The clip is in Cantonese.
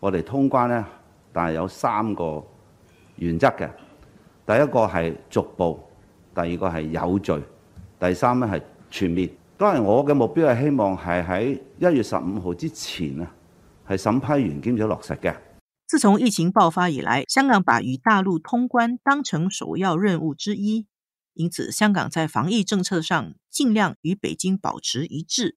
我哋通關咧，但係有三個原則嘅。第一個係逐步，第二個係有序，第三咧係全面。當然，我嘅目標係希望係喺一月十五號之前啊，係審批完兼且落實嘅。自從疫情爆發以來，香港把與大陸通關當成首要任務之一，因此香港在防疫政策上盡量與北京保持一致。